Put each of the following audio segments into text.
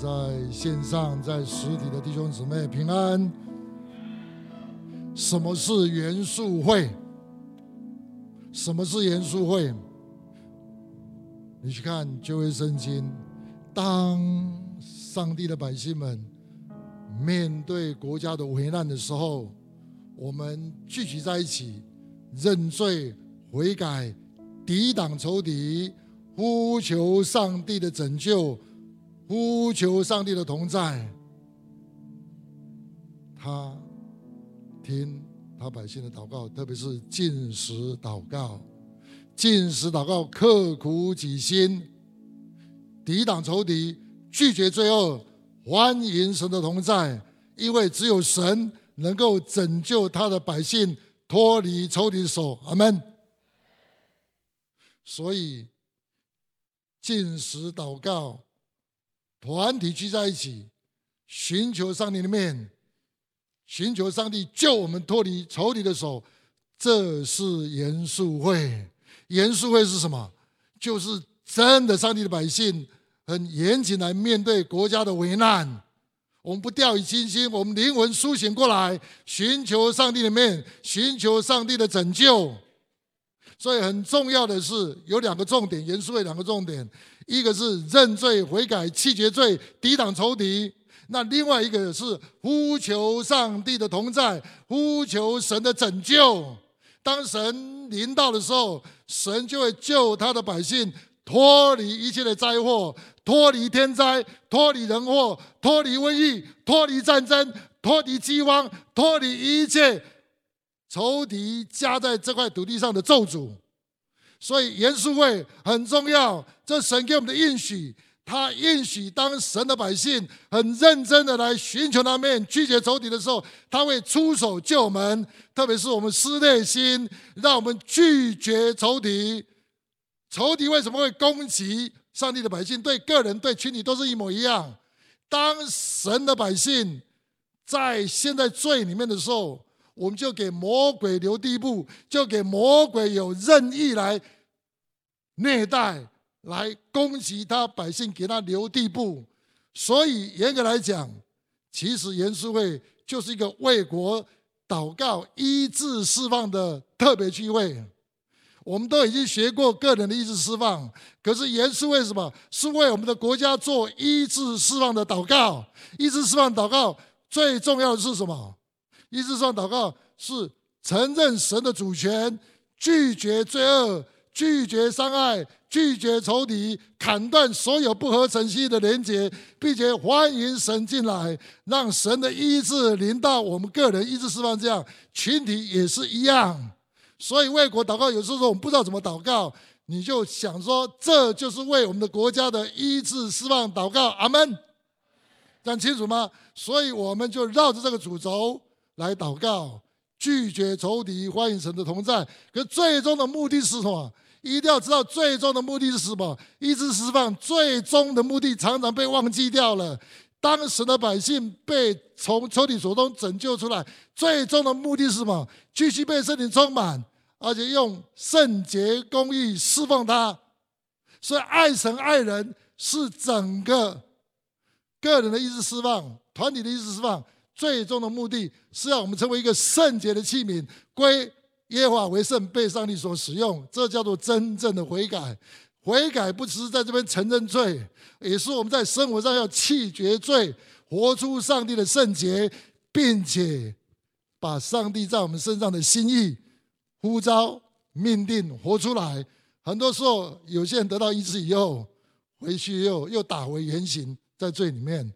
在線上、在實體的弟兄姊妹平安。什麼是嚴肅會？什麼是嚴肅會？你去看舊約聖經，當上帝的百姓們面對國家的危難的時候，我們聚集在一起認罪悔改，抵擋仇敵，呼求上帝的拯救。呼求上帝的同在，他聽他百姓的禱告，特別是禁食禱告。禁食禱告，刻苦己心，抵擋仇敵，拒絕罪惡，歡迎神的同在，因為只有神能夠拯救他的百姓脫離仇敵手。阿門。所以，禁食禱告。團體聚在一起，尋求上帝的面，尋求上帝救我們脫離仇敵的手。這是嚴肅會。嚴肅會是什麼？就是真的上帝的百姓很嚴謹來面對國家的危難。我們不掉以輕心，我們靈魂甦醒過來，尋求上帝的面，尋求上帝的拯救。所以很重要的是有兩個重點，嚴肅的兩個重點，一個是認罪悔改棄絕罪，抵擋仇敵；那另外一個是呼求上帝的同在，呼求神的拯救。當神臨到的時候，神就會救他的百姓脫離一切的災禍，脫離天災，脫離人禍，脫離瘟疫，脫離戰爭，脫離饑荒，脫離，脫離一切。仇敵加在這塊土地上的咒詛，所以嚴肅會很重要。這神給我們的應許，他應許當神的百姓很認真的來尋求他面，拒絕仇敵的時候，他會出手救我們。特別是我們撕裂心，讓我們拒絕仇敵。仇敵為什麼會攻擊上帝的百姓？對個人、對群體都是一模一樣。當神的百姓在陷在罪裡面的時候，我們就給魔鬼留地步，就給魔鬼有任意來虐待、來攻擊他百姓，給他留地步。所以嚴格來講，其實嚴肅會就是一個為國禱告醫治釋放的特別聚會。我們都已經學過個人的醫治釋放，可是嚴肅會什麼是為我們的國家做醫治釋放的禱告？醫治釋放禱告最重要的是什麼？醫治上禱告是承認神的主權，拒絕罪惡，拒絕傷害，拒絕仇敵，砍斷所有不合神心意的連接，並且歡迎神進來，讓神的醫治臨到我們個人。醫治釋放這樣群體也是一樣。所以為國禱告，有時候我們不知道怎麼禱告，你就想說這就是為我們的國家的醫治釋放禱告。阿門，講清楚嗎？所以我們就繞着這個主軸。來禱告，拒絕仇敵，歡迎神的同在。可最終的目的是什麼？一定要知道最終的目的是什麼。意志釋放，最終的目的常常被忘記掉了。當時的百姓被從仇敵手中拯救出來，最終的目的是什麼？繼續被聖靈充滿，而且用聖潔公義侍奉他。所以，愛神愛人是整個個人的意志釋放，團體的意志釋放。最終的目的是讓我們成為一個聖潔的器皿，歸耶和華為聖，被上帝所使用。這叫做真正的悔改。悔改不只是在這邊承認罪，也是我們在生活上要棄絕罪，活出上帝的聖潔，並且把上帝在我們身上的心意、呼召、命定活出來。很多時候，有些人得到醫治以後，回去又又打回原形，在罪裡面。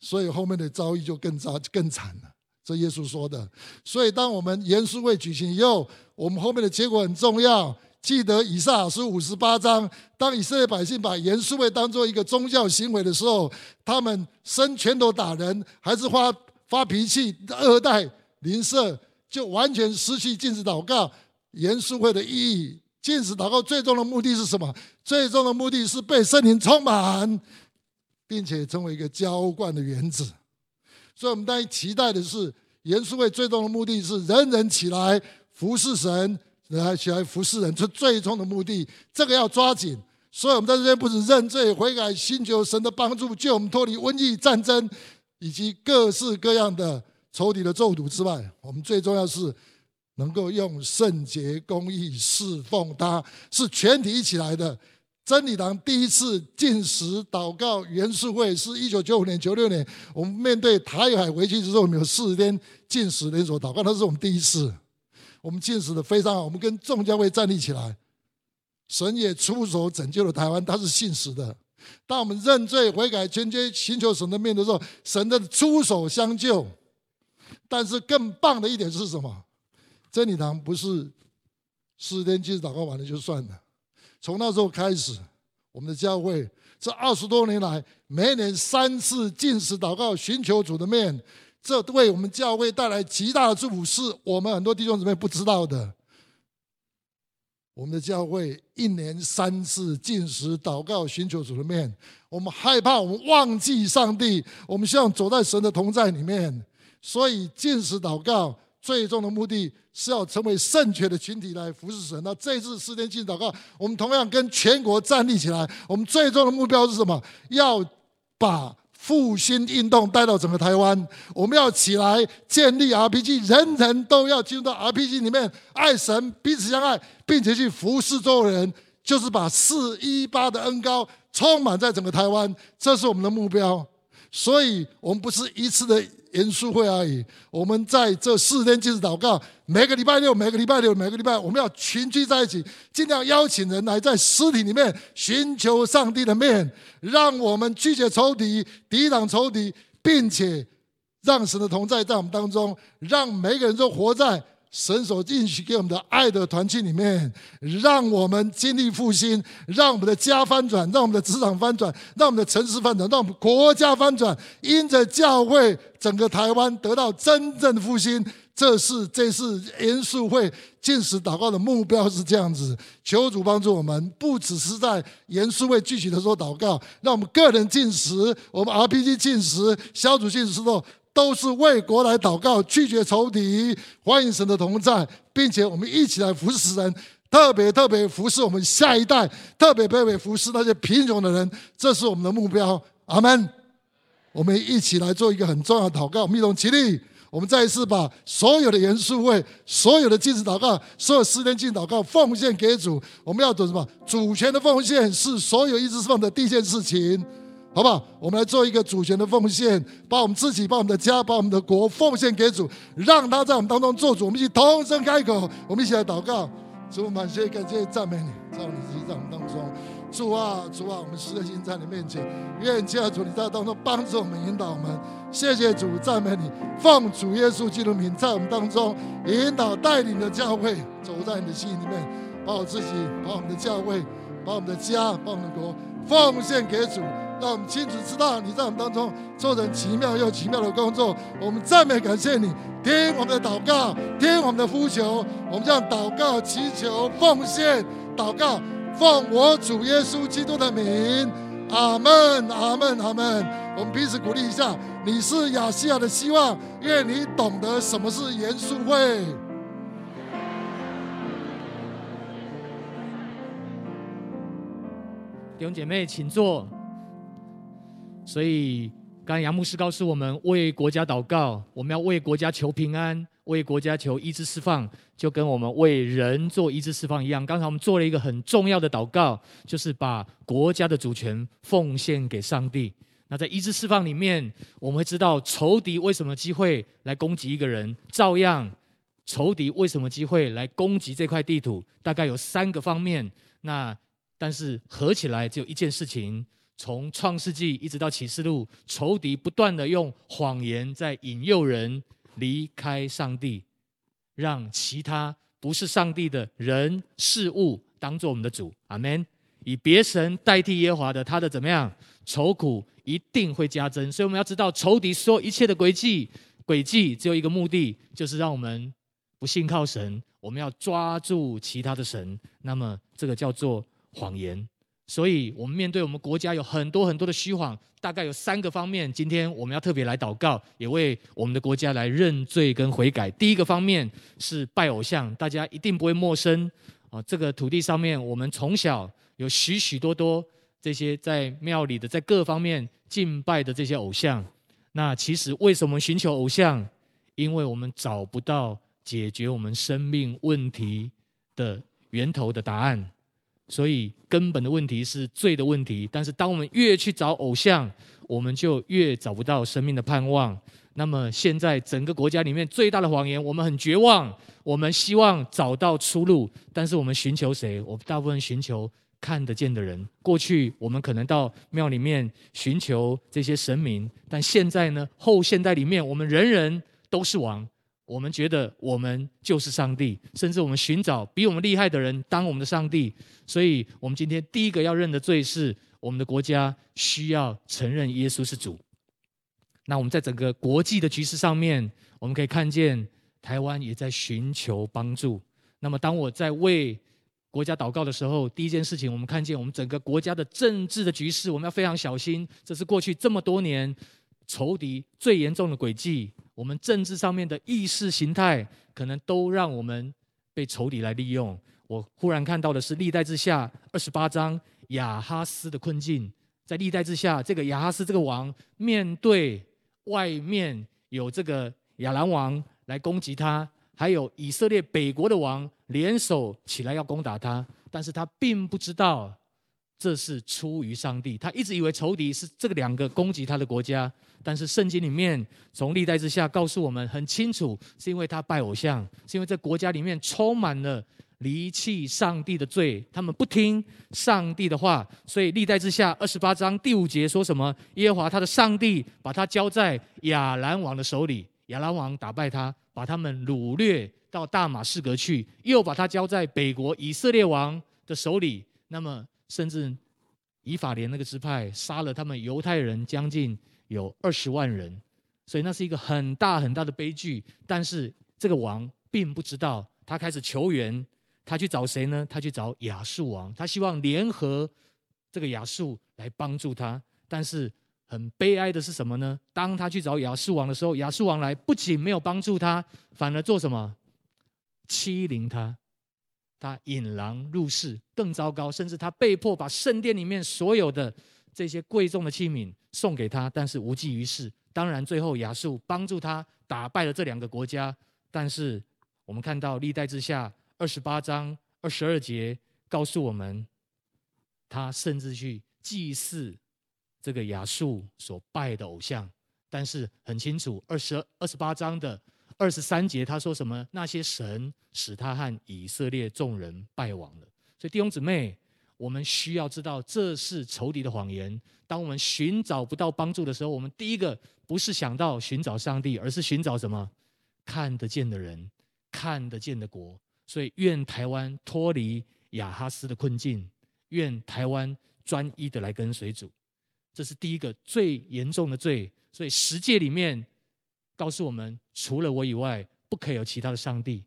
所以後面的遭遇就更糟、更慘了。這耶穌說的。所以當我們嚴肅會舉行以後，我們後面的結果很重要。記得以賽亞書五十八章，當以色列百姓把嚴肅會當做一個宗教行為的時候，他們伸拳頭打人，還是發發脾氣。二代零色就完全失去禁食禱告、嚴肅會的意義。禁食禱告最終的目的是什麼？最終的目的是被聖靈充滿。並且成為一個澆灌的園子，所以我們大家期待的是，嚴肅會最終的目的是人人起來服侍神，來起來服侍人，這最終的目的，這個要抓緊。所以我們在這邊不止認罪悔改、尋求神的幫助，救我們脫離瘟疫、戰爭以及各式各樣的仇敵的咒詛之外，我們最重要的是能夠用聖潔公義侍奉他，是全體一起來的。真理堂第一次禁食禱告嚴肅會是一九九五年、九六年，我們面對台海危機的時候，我們有四十天禁食、連鎖禱告，那是我們第一次。我們禁食的非常好，我們跟眾教會站立起來，神也出手拯救了台灣，他是信實的。當我們認罪悔改、全心尋求神的面的時候，神的出手相救。但是更棒的一點是什麼？真理堂不是四十天禁食禱告完了就算了。從那時候開始，我們的教會這二十多年來，每一年三次禁食禱告尋求主的面，這為我們教會帶來極大的祝福，是我們很多弟兄姊妹不知道的。我們的教會一年三次禁食禱告尋求主的面，我們害怕我們忘記上帝，我們希望走在神的同在裡面，所以禁食禱告最終的目的。是要成為聖潔的群體來服侍神。那這次四天禁食禱告，我們同樣跟全國站立起來。我們最終的目標是什麼？要把復興運動帶到整個台灣。我們要起來建立 RPG，人人都要進入到 RPG 裡面，愛神，彼此相愛，並且去服侍所有人，就是把四一八的恩膏充滿在整個台灣。這是我們的目標。所以我們不是一次的嚴肅會而已。我們在這四天就是禱、禱告，每個禮拜六、每個禮拜六、每個禮拜，我們要群聚在一起，盡量邀請人來，在實體裡面尋求上帝的面，讓我們拒絕仇敵，抵擋仇敵，並且讓神的同在在我們當中，讓每個人都活在。神所應許給我們的愛的團契裡面，讓我們經歷復興，讓我們的家翻轉，讓我們的職場翻轉，讓我們的城市翻轉，讓我們國家翻轉，因着教會，整個台灣得到真正的復興。這是這次嚴肅會禁食禱告的目標是這樣子，求主幫助我們，不只是在嚴肅會聚集的時候禱告，讓我們個人禁食，我們 RPG 禁食，小組禁食之後，都是為國來禱告，拒絕仇敵，歡迎神的同在，並且我們一起來服侍神，特別特別服侍我們下一代，特別特別服侍那些貧窮的人，這是我們的目標。阿門。我們一起來做一個很重要的禱告，我們一同起立。我們再一次把所有的嚴肅會、所有的禁食禱告、所有十天禁食禱告奉獻給主。我們要做什麼？主權的奉獻是所有一直放的第一件事情，好不好？我們來做一個主權的奉獻，把我們自己、把我們的家、把我們的國奉獻給主，讓他在我們當中做主。我們一起同聲開口，我們一起來禱告。主，我們滿心感謝讚美你，照你所應，在我們當中。主啊，主啊，我們實在心在你面前，願親愛的主你在當中幫助我們、引導我們。謝謝主，讚美你，奉主耶穌基督名，在我們當中引導帶領的教會，走在你的心裡面，把我自己、把我們的教會、把我們的家、把我們的國，奉獻給主，讓我們清楚知道你在我們當中做成奇妙又奇妙的工作。我們讚美感謝你，聽我們的禱告，聽我們的呼求，我們這樣禱告、祈求、奉獻、禱告。奉我主耶穌基督的名，阿門，阿門，阿門。我們彼此鼓勵一下。你是亞細亞的希望，願你懂得什麼是嚴肅會。弟兄姐妹，請坐。所以。剛才楊牧師告訴我們，為國家禱告，我們要為國家求平安，為國家求醫治釋放，就跟我們為人做醫治釋放一樣。剛才我們做了一個很重要的禱告，就是把國家的主權奉獻給上帝。那在醫治釋放裡面，我們會知道仇敵為什麼機會來攻擊一個人，照樣仇敵為什麼機會來攻擊這塊地圖，大概有三個方面。那但是合起來只有一件事情。從創世紀一直到啟示錄，仇敵不斷地用謊言在引誘人離開上帝，讓其他不是上帝的人事物當做我們的主。阿門。以別神代替耶和華的，他的怎麼樣？愁苦一定會加增。所以我們要知道，仇敵說一切的詭計，詭計只有一個目的，就是讓我們不信靠神。我們要抓住其他的神，那麼這個叫做謊言。所以，我們面對我們國家有很多很多的虛謊，大概有三個方面。今天我們要特別來禱告，也為我們的國家來認罪跟悔改。第一個方面是拜偶像，大家一定不會陌生啊。這個土地上面，我們從小有許許多多這些在廟裡的、在各方面敬拜的這些偶像。那其實為什麼尋求偶像？因為我們找不到解決我們生命問題的源頭的答案。所以根本的問題是罪的問題。但是當我們越去找偶像，我們就越找不到生命的盼望。那麼現在整個國家裡面最大的謊言，我們很絕望，我們希望找到出路。但是我們尋求誰？我們大部分尋求看得見的人。過去我們可能到廟裡面尋求這些神明，但現在呢？後現代裡面，我們人人都是王。我們覺得我們就是上帝，甚至我們尋找比我們厲害的人當我們的上帝。所以，我們今天第一個要認的罪是，我們的國家需要承認耶穌是主。那我們在整個國際的局勢上面，我們可以看見台灣也在尋求幫助。那麼，當我在為國家禱告的時候，第一件事情，我們看見我們整個國家的政治的局勢，我們要非常小心，這是過去這麼多年仇敵最嚴重的詭計。我們政治上面的意識形態，可能都讓我們被仇敵來利用。我忽然看到的是，歷代志下二十八章，亞哈斯的困境。在歷代志下，這個亞哈斯這個王，面對外面有這個亞蘭王來攻擊他，還有以色列北國的王聯手起來要攻打他，但是他並不知道這是出於上帝，他一直以為仇敵是這兩個攻擊他的國家。但是聖經裡面從歷代志下告訴我們很清楚，是因為他拜偶像，是因為這國家裡面充滿了離棄上帝的罪，他們不聽上帝的話，所以歷代志下二十八章第五節說什麼，耶和華他的上帝把他交在亞蘭王的手裡，亞蘭王打敗他，把他們擄掠到大馬士革去，又把他交在北國以色列王的手裡，那麼甚至以法蓮那個支派殺了他們猶太人將近。有二十萬人，所以那是一個很大很大的悲劇。但是這個王並不知道，他開始求援，他去找誰呢？他去找亞述王，他希望聯合這個亞述來幫助他。但是很悲哀的是什麼呢？當他去找亞述王的時候，亞述王來不僅沒有幫助他，反而做什麼？欺凌他，他引狼入室，更糟糕，甚至他被迫把聖殿裡面所有的。這些貴重的器皿送給他，但是無濟於事。當然，最後亞述幫助他打敗了這兩個國家。但是，我們看到歷代志下二十八章二十二節告訴我們，他甚至去祭祀這個亞述所拜的偶像。但是很清楚，二十二二十八章的二十三節他說什麼？那些神使他和以色列眾人敗亡了。所以弟兄姊妹。我們需要知道，這是仇敵的謊言。當我們尋找不到幫助的時候，我們第一個不是想到尋找上帝，而是尋找什麼？看得見的人，看得見的國。所以，願台灣脫離亞哈斯的困境，願台灣專一的來跟隨主。這是第一個最嚴重的罪。所以十誡裡面告訴我們，除了我以外，不可以有其他的上帝。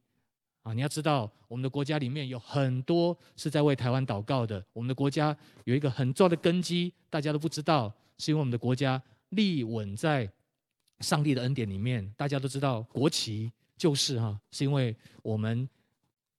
啊，你要知道，我們的國家裡面有很多是在為台灣禱告的。我們的國家有一個很重要的根基，大家都不知道，是因為我們的國家立穩在上帝的恩典裡面。大家都知道，國旗就是哈，是因為我們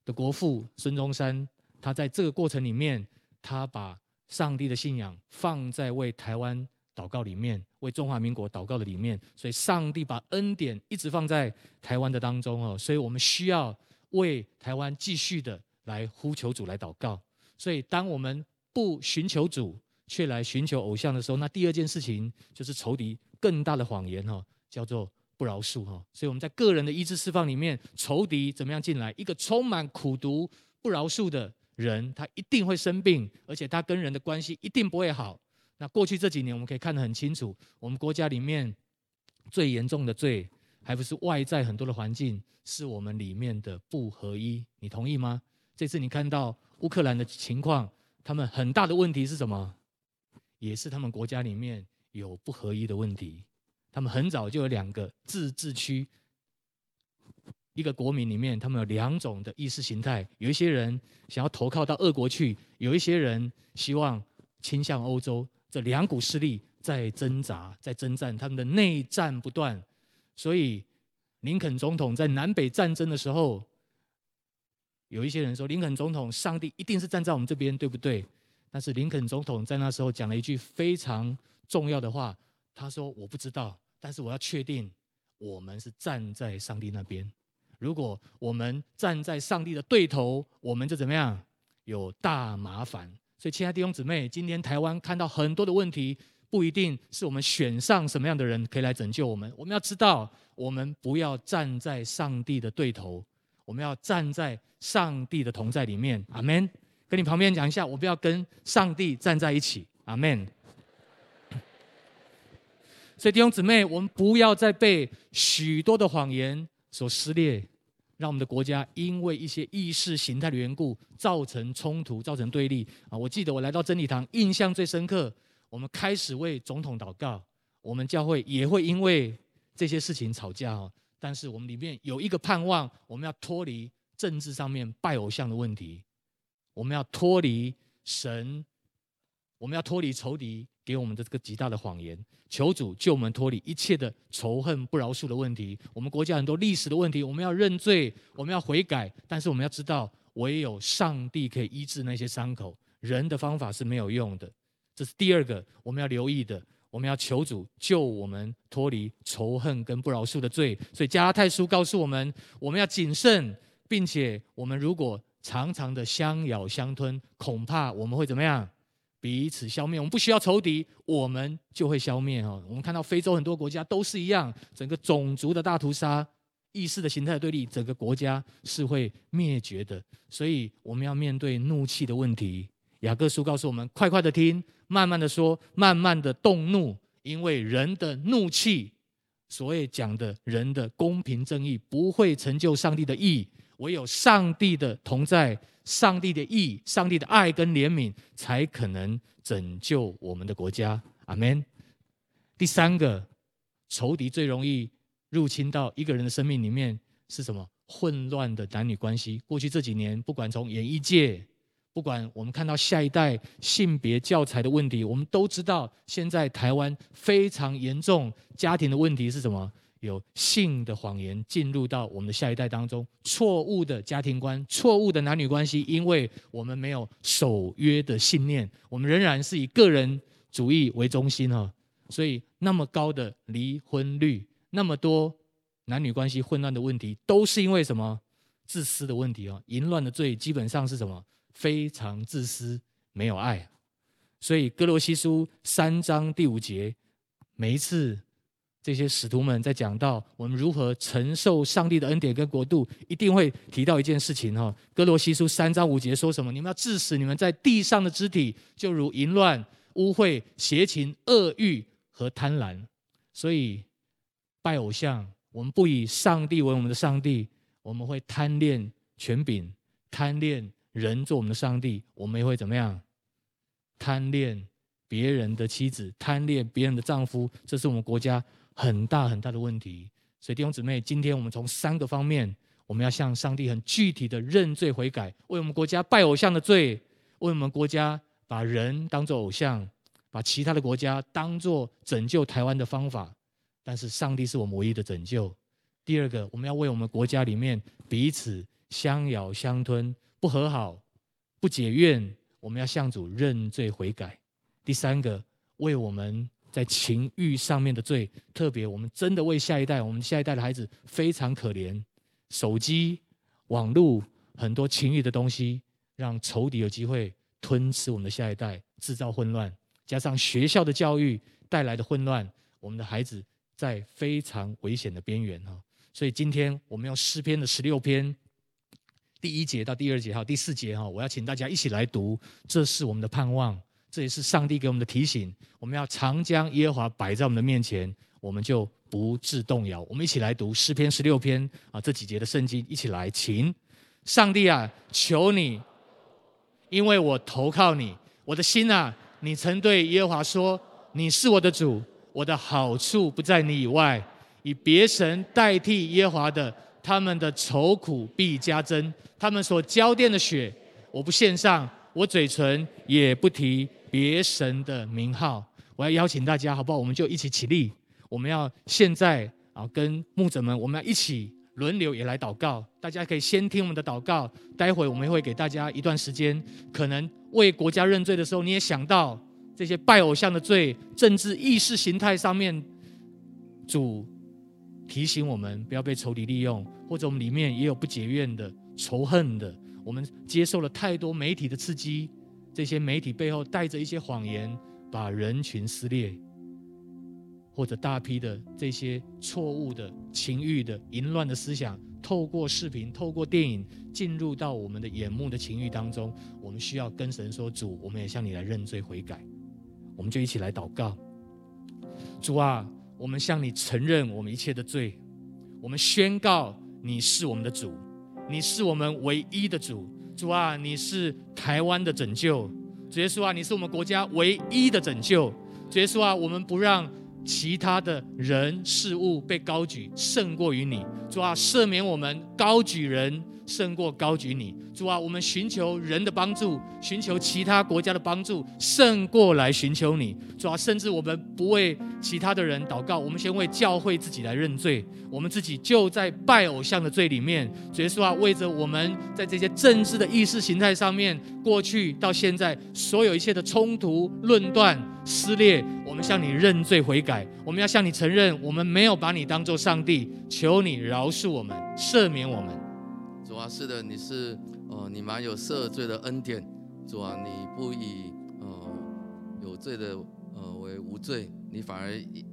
的國父孫中山，他在這個過程裡面，他把上帝的信仰放在為台灣禱告裡面，為中華民國禱告的裡面。所以，上帝把恩典一直放在台灣的當中哦。所以我們需要。為台灣繼續的來呼求主來禱告，所以當我們不尋求主，卻來尋求偶像的時候，那第二件事情就是仇敵更大的謊言哈，叫做不饒恕哈，所以我們在個人的醫治釋放裡面，仇敵怎麼樣進來？一個充滿苦毒、不饒恕的人，他一定會生病，而且他跟人的關係一定不會好。那過去這幾年，我們可以看得很清楚，我們國家裡面最嚴重的罪。還不是外在很多的環境，是我們裡面的不合一。你同意嗎？這次你看到烏克蘭的情況，他們很大的問題是什麼？也是他們國家裡面有不合一的問題。他們很早就有兩個自治區，一個國民裡面，他們有兩種的意識形態。有一些人想要投靠到俄國去，有一些人希望傾向歐洲。這兩股勢力在掙扎，在征戰，他們的內戰不斷。所以，林肯總統在南北戰爭的時候，有一些人說林肯總統，上帝一定是站在我們這邊，對不對？但是林肯總統在那時候講了一句非常重要的話，他說：“我不知道，但是我要確定我們是站在上帝那邊。如果我們站在上帝的對頭，我們就怎麼樣？有大麻煩。”所以，親愛的弟兄姊妹，今天台灣看到很多的問題。不一定是我們選上什麼樣的人可以來拯救我們。我們要知道，我們不要站在上帝的對頭，我們要站在上帝的同在裡面。阿門。跟你旁邊講一下，我不要跟上帝站在一起。阿門。所以弟兄姊妹，我們不要再被許多的謊言所撕裂，讓我們的國家因為一些意識形態的緣故造成衝突、造成對立。啊，我記得我來到真理堂，印象最深刻。我們開始為總統禱告，我們教會也會因為這些事情吵架哦。但是我們裡面有一個盼望，我們要脫離政治上面拜偶像的問題，我們要脫離神，我們要脫離仇敵給我們的這個極大的謊言。求主救我們脫離一切的仇恨、不饒恕的問題。我們國家很多歷史的問題，我們要認罪，我們要悔改。但是我們要知道，唯有上帝可以醫治那些傷口，人的方法是沒有用的。這是第二個我們要留意的，我們要求主救我們脫離仇恨跟不饒恕的罪。所以加拉太書告訴我們，我們要謹慎，並且我們如果常常的相咬相吞，恐怕我們會怎麼樣？彼此消滅。我們不需要仇敵，我們就會消滅啊！我們看到非洲很多國家都是一樣，整個種族的大屠殺、意識的形態的對立，整個國家是會滅絕的。所以我們要面對怒氣的問題。雅各書告訴我們：快快的聽，慢慢的說，慢慢的動怒。因為人的怒氣，所以講的人的公平正義不會成就上帝的義。唯有上帝的同在、上帝的義、上帝的愛跟憐憫，才可能拯救我們的國家。阿們。第三個，仇敵最容易入侵到一個人的生命裡面是什麼？混亂的男女關係。過去這幾年，不管從演藝界，不管我們看到下一代性別教材的問題，我們都知道現在台灣非常嚴重家庭的問題是什麼？有性的謊言進入到我們的下一代當中，錯誤的家庭觀、錯誤的男女關係，因為我們沒有守約的信念，我們仍然是以個人主義為中心哈，所以那麼高的離婚率，那麼多男女關係混亂的問題，都是因為什麼？自私的問題啊！淫亂的罪基本上是什麼？非常自私，沒有愛，所以歌羅西書三章第五節，每一次這些使徒們在講到我們如何承受上帝的恩典跟國度，一定會提到一件事情哈。歌羅西書三章五節說什麼？你們要治死你們在地上的肢體，就如淫亂、污穢、邪情、惡欲和貪婪。所以拜偶像，我們不以上帝為我們的上帝，我們會貪戀權柄，貪戀。人做我們的上帝，我們也會怎麼樣？貪戀別人的妻子，貪戀別人的丈夫，這是我們國家很大很大的問題。所以弟兄姊妹，今天我們從三個方面，我們要向上帝很具體的認罪悔改，為我們國家拜偶像的罪，為我們國家把人當做偶像，把其他的國家當做拯救台灣的方法。但是上帝是我們唯一的拯救。第二個，我們要為我們國家裡面彼此相咬相吞，不和好，不解怨，我們要向主認罪悔改。第三個，為我們在情欲上面的罪，特別我們真的為下一代，我們下一代的孩子非常可憐，手機、網絡很多情欲的東西，讓仇敵有機會吞吃我們的下一代，製造混亂。加上學校的教育帶來的混亂，我們的孩子在非常危險的邊緣啊！所以今天我們用詩篇的十六篇。第一節到第二節哈，第四節哈，我要請大家一起來讀，這是我們的盼望，這也是上帝給我們的提醒，我們要常將耶和華擺在我們的面前，我們就不致動搖。我們一起來讀詩篇十六篇啊這幾節的聖經，一起來，請上帝啊，求你，因為我投靠你，我的心啊，你曾對耶和華說，你是我的主，我的好處不在你以外，以別神代替耶和華的。他們的愁苦必加增，他們所澆奠的血，我不獻上，我嘴唇也不提別神的名號。我要邀請大家，好不好？我們就一起起立，我們要現在啊，跟牧者們，我們要一起輪流也來禱告。大家可以先聽我們的禱告，待會我們會給大家一段時間。可能為國家認罪的時候，你也想到這些拜偶像的罪，政治意識形態上面，主。提醒我們不要被仇敵利用，或者我們裡面也有不解怨的仇恨的。我們接受了太多媒體的刺激，這些媒體背後帶着一些謊言，把人群撕裂。或者大批的這些錯誤的情慾的淫亂的思想，透過視頻、透過電影進入到我們的眼目的情慾當中。我們需要跟神說：「主，我們也向你來認罪悔改。」我們就一起來禱告，主啊。我們向你承認我們一切的罪，我們宣告，你是我們的主，你是我們唯一的主。主啊，你是台灣的拯救，主耶穌啊，你是我們國家唯一的拯救。主耶穌啊，我們不讓其他的人事物被高舉勝過於你。主啊，赦免我們高舉人勝過高舉你，主啊！我們尋求人的幫助，尋求其他國家的幫助，勝過來尋求你，主啊！甚至我們不為其他的人禱告，我們先為教會自己來認罪。我們自己就在拜偶像的罪裡面。所以說啊，為着我們在這些政治的意識形態上面，過去到現在所有一切的衝突、論斷、撕裂，我們向你認罪悔改。我們要向你承認，我們沒有把你當做上帝。求你饒恕我們，赦免我們。主啊，是的，你是呃你蠻有赦罪的恩典。主啊，你不以呃有罪的呃為無罪，你反而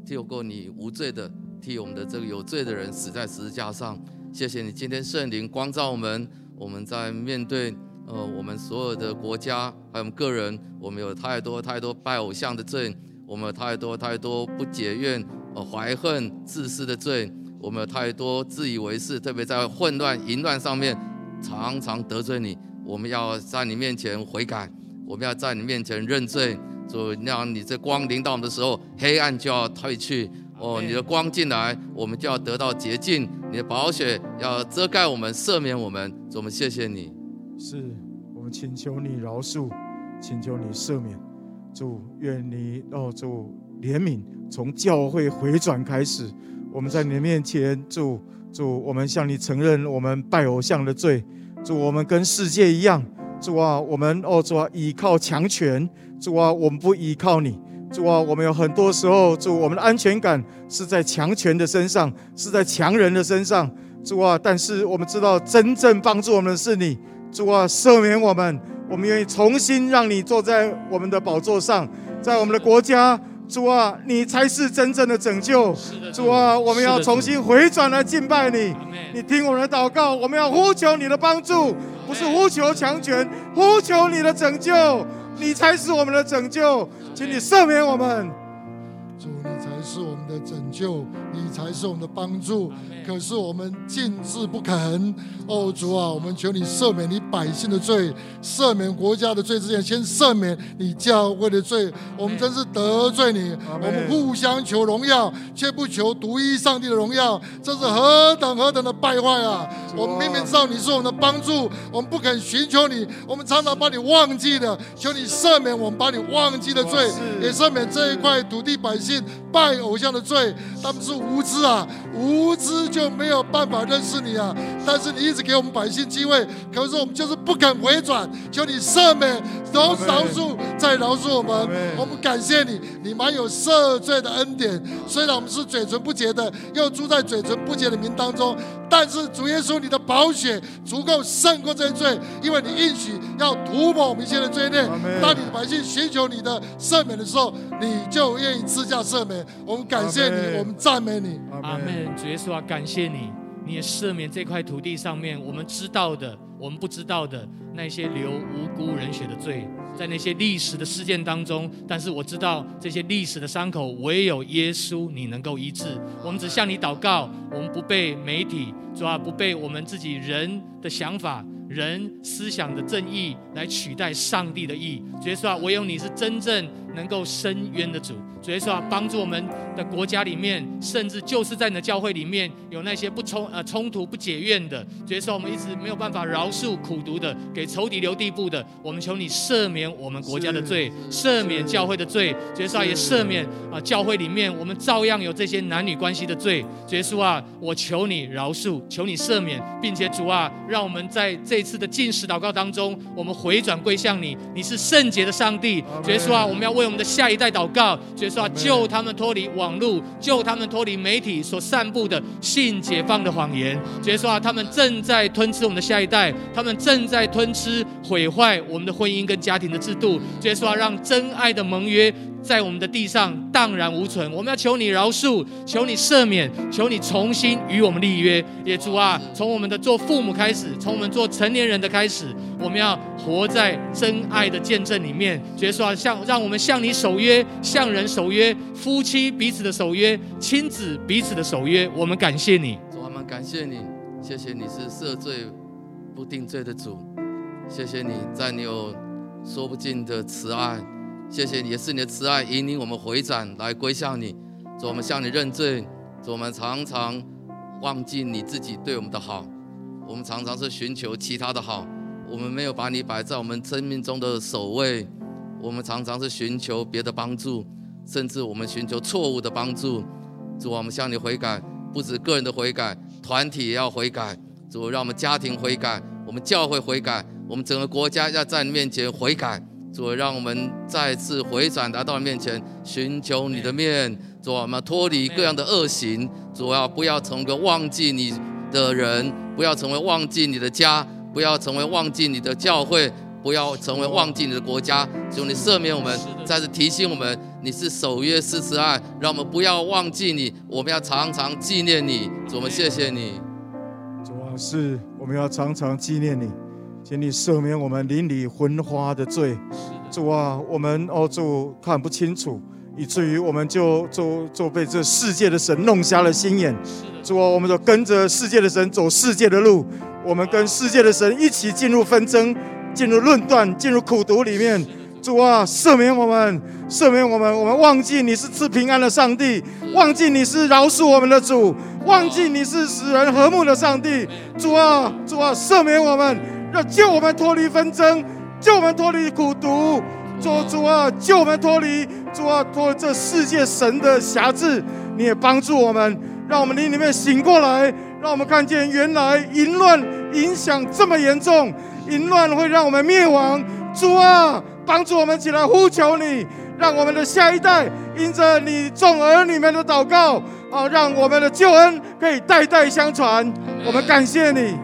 透過你無罪的替我們的這個有罪的人死在十字架上。謝謝你今天聖靈光照我們，我們在面對呃我們所有的國家還有我們個人，我們有太多太多拜偶像的罪，我們有太多太多不解怨、呃懷恨、自私的罪。我們有太多自以為是，特別在混亂、淫亂上面，常常得罪你。我們要在你面前悔改，我們要在你面前認罪。主，讓你這光臨到我們的時候，黑暗就要退去。哦，你的光進來，我們就要得到潔淨。你的寶血要遮蓋我們，赦免我們。主，我們謝謝你。是，我們請求你饒恕，請求你赦免。主，願你哦，主憐憫，從教會回轉開始。我們在你的面前，主，主我們向你承認我們拜偶像的罪。主，我們跟世界一樣，主啊，我們哦，主啊，依靠強權。主啊，我們不依靠你。主啊，我們有很多時候，主，我們的安全感是在強權的身上，是在強人的身上。主啊，但是我們知道，真正幫助我們的是你。主啊，赦免我們，我們願意重新讓你坐在我們的寶座上，在我們的國家。主啊，你才是真正的拯救。主啊，我們要重新回轉來敬拜你。你聽我們的禱告，我們要呼求你的幫助，不是呼求強權，呼求你的拯救。你才是我們的拯救，請你赦免我們。是我們的拯救，你才是我們的幫助。妹可是我們竟自不肯。哦，主啊，我們求你赦免你百姓的罪，赦免國家的罪之前，先赦免你教會的罪。妹我們真是得罪你，妹我們互相求榮耀，卻不求獨一上帝的榮耀，這是何等何等的敗壞啊！啊我們明明知道你是我們的幫助，我們不肯尋求你，我們常常把你忘記的。求你赦免我們把你忘記的罪，是也赦免這一塊土地百姓敗。是偶像的罪，他們是無知啊，無知就沒有辦法認識你啊。但是你一直給我們百姓機會，可是我們就是不肯回轉，求你赦免，求饒恕。Okay. 再饒恕我們，Amen 我們感謝你，你滿有赦罪的恩典。雖然我們是嘴唇不潔的，又住在嘴唇不潔的民當中，但是主耶穌，你的寶血足夠勝過這些罪，因為你應許要塗抹我們一切的罪孽。Amen 當你百姓尋求你的赦免的時候，你就願意賜下赦免。我們感謝你，Amen 我們讚美你。阿門 Amen。主耶穌啊，感謝你，你也赦免這塊土地上面我們知道的、我們不知道的那些流無辜人血的罪。在那些歷史的事件當中，但是我知道這些歷史的傷口，唯有耶穌你能夠醫治。我們只向你禱告，我們不被媒體，主啊，不被我們自己人的想法、人思想的正義來取代上帝的義。所以說啊，唯有你是真正。能夠伸冤的主，主耶穌啊，幫助我們的國家裡面，甚至就是在你的教會裡面有那些不衝呃衝突、不解怨的，主耶穌、啊，我們一直沒有辦法饒恕苦毒的，給仇敵留地步的，我們求你赦免我們國家的罪，赦免教會的罪，主耶穌、啊、也赦免啊，教會裡面我們照樣有這些男女關係的罪，主耶穌啊，我求你饒恕，求你赦免，並且主啊，讓我們在這次的禁食禱告當中，我們回轉歸向你，你是聖潔的上帝，主耶穌啊，我們要問。為我們的下一代禱告，就是說啊，救他們脫離網路，救他們脫離媒體所散布的性解放的謊言。就是說啊，他們正在吞吃我們的下一代，他們正在吞吃毀壞我們的婚姻跟家庭的制度。就是說啊，讓真愛的盟約。在我們的地上蕩然無存。我們要求你饒恕，求你赦免，求你重新與我們立約。也主啊，從我們的做父母開始，從我們做成年人的開始，我們要活在真愛的見證裡面。耶穌啊，向讓我們向你守約，向人守約，夫妻彼此的守約，親子彼此的守約。我們感謝你，主啊，我們感謝你，謝謝你是赦罪不定罪的主，謝謝你在你有說不盡的慈愛。謝謝，你，是你的慈愛引領我們回轉來歸向你。主，我們向你認罪，主，我們常常忘記你自己對我們的好。我們常常是尋求其他的好，我們沒有把你擺在我們生命中的首位。我們常常是尋求別的幫助，甚至我們尋求錯誤的幫助。主，我們向你悔改，不止個人的悔改，團體也要悔改。主，讓我們家庭悔改，我們教會悔改，我們整個國家要在你面前悔改。主，讓我們再次回轉來到你面前，尋求你的面。沒主，我們脫離各樣的惡行。沒主，不要成為一個忘記你的人，不要成為忘記你的家，不要成為忘記你的教會，不要成為忘記你的國家。求你赦免我們，再次提醒我們，你是守約施慈愛，讓我們不要忘記你，我們要常常紀念你。主，我們有委謝謝你。主，是，我們要常常紀念你。請你赦免我們鄰里昏花的罪，主啊，我們哦主看不清楚，以至於我們就就就被這世界的神弄瞎了心眼。主啊，我們就跟着世界的神走世界的路，我們跟世界的神一起進入紛爭，進入論斷，進入苦毒裡面。主啊，赦免我們，赦免我們，我們忘記你是賜平安的上帝，忘記你是饒恕我們的主，忘記你是使人和睦的上帝。主啊，主啊，赦免我們。要救我們脫離紛爭，救我們脫離苦毒，做主啊，救我們脫離，主啊，脫離這世界神的轄制。你也幫助我們，讓我們靈裡面醒過來，讓我們看見原來淫亂影響這麼嚴重，淫亂會讓我們滅亡。主啊，幫助我們起來呼求你，讓我們的下一代因着你眾兒女們的禱告啊，讓我們的救恩可以代代相傳。我們感謝你，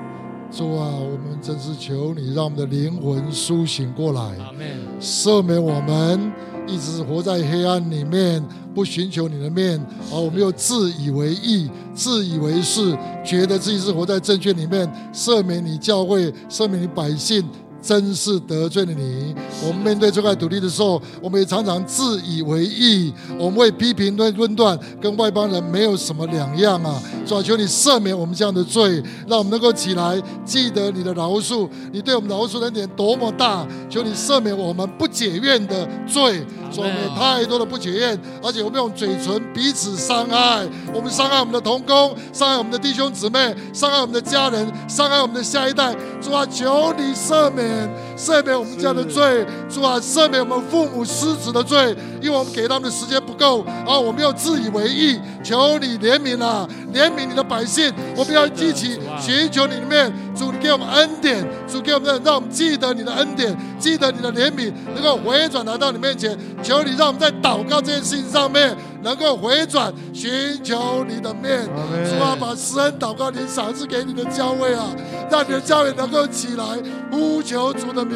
主啊。真是求你讓我們的靈魂甦醒過來，Amen 赦免我們一直活在黑暗裡面，不尋求你的面。而、哦、我們又自以為義、自以為是，覺得自己是活在正確裡面。赦免你教會，赦免你百姓。真是得罪了你。我們面對這塊土地的時候，我們也常常自以為義，我們會批評論論斷，跟外邦人沒有什麼兩樣啊。所以求你赦免我們這樣的罪，讓我們能夠起來記得你的饒恕。你對我們饒恕的恩典多麼大！求你赦免我們不解怨的罪。說我們有太多的不檢點，而且我們用嘴唇彼此傷害，我們傷害我們的同工，傷害我們的弟兄姊妹，傷害我們的家人，傷害我們的下一代。主啊，求你赦免，赦免我們這樣的罪。主啊，赦免我們父母失職的罪，因為我們給他們的時間不夠啊，我們要自以為意。求你憐憫啊，憐憫你的百姓，我們要一起，尋求你的面。主，你給我們恩典，主給我們，讓我們記得你的恩典，記得你的憐憫，能夠回轉來到你面前。求你讓我們在禱告這件事情上面能夠回轉，尋求你的面，是吧妹？主把施恩禱告你賞賜給你的教會啊，讓你的教會能夠起來呼求主的名，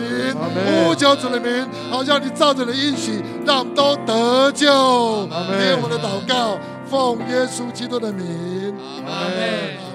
呼求主的名，好像妹、啊、你造就的應許，讓我們都得救。給我們的禱告，奉耶穌基督的名。妹